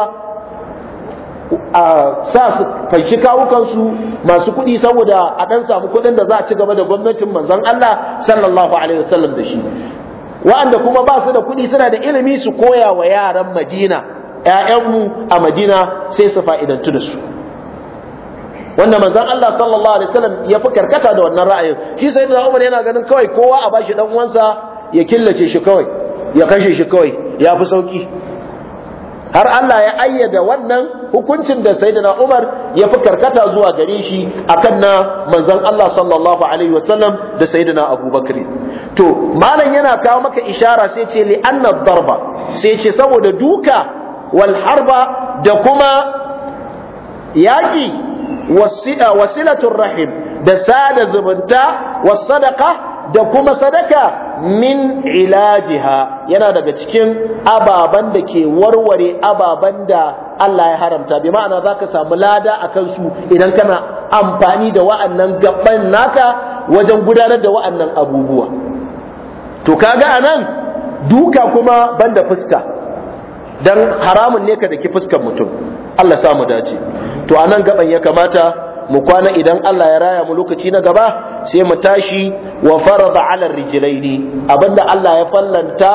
a sa su fanshi kawukansu masu kuɗi saboda a ɗan samu kuɗin da za a ci gaba da gwamnatin manzon Allah sallallahu alaihi wasallam da shi wa'anda kuma ba su da kuɗi suna da ilimi su koya wa yaran Madina ‘ya'yanmu a Madina sai su fa'idantu da su wanda manzon Allah sallallahu alaihi wasallam ya fi karkata da wannan ra'ayin shi sai da Umar yana ganin kawai kowa a bashi dan uwansa ya killace shi kawai ya kashe shi kawai ya fi sauki har Allah ya ayyada wannan hukuncin da sayyidina Umar ya fi karkata zuwa gare shi akan na manzon Allah sallallahu alaihi wasallam da sayyidina Abubakar to malam yana kawo maka ishara sai ce li anna darba sai ce saboda duka wal harba da kuma yaki wasilatul rahim da sada zumunta was sadaqa da kuma sadaka min ilajiha yana daga cikin ababan da ke warware ababan da Allah ya haramta bi ma'ana zaka samu lada akan su idan kana amfani da wa'annan gaban naka wajen gudanar da wa'annan abubuwa to kaga anan duka kuma banda fuska dan haramun ne ka daki fuskar mutum Allah samu dace to anan gaban ya kamata mu kwana idan Allah ya raya mu lokaci na gaba sai mu tashi wa farada ala rijlaini abinda Allah ya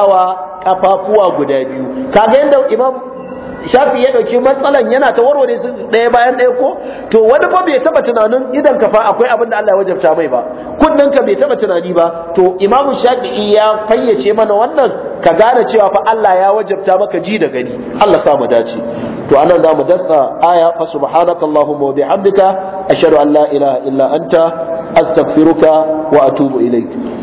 wa kafafuwa guda biyu kaga yanda imam shafi ya ɗauki matsalan yana ta warware su ɗaya bayan ɗaya ko to wani ba bai taba tunanin idan ka fa akwai abin da Allah ya wajabta mai ba kunnen ka bai taba tunani ba to imamu shafi'i ya fayyace mana wannan ka gane cewa fa Allah ya wajabta maka ji da gani Allah sa mu dace to anan za mu dasa aya fa subhanakallahumma wa bihamdika ashhadu an la ilaha illa anta astaghfiruka wa atubu ilai.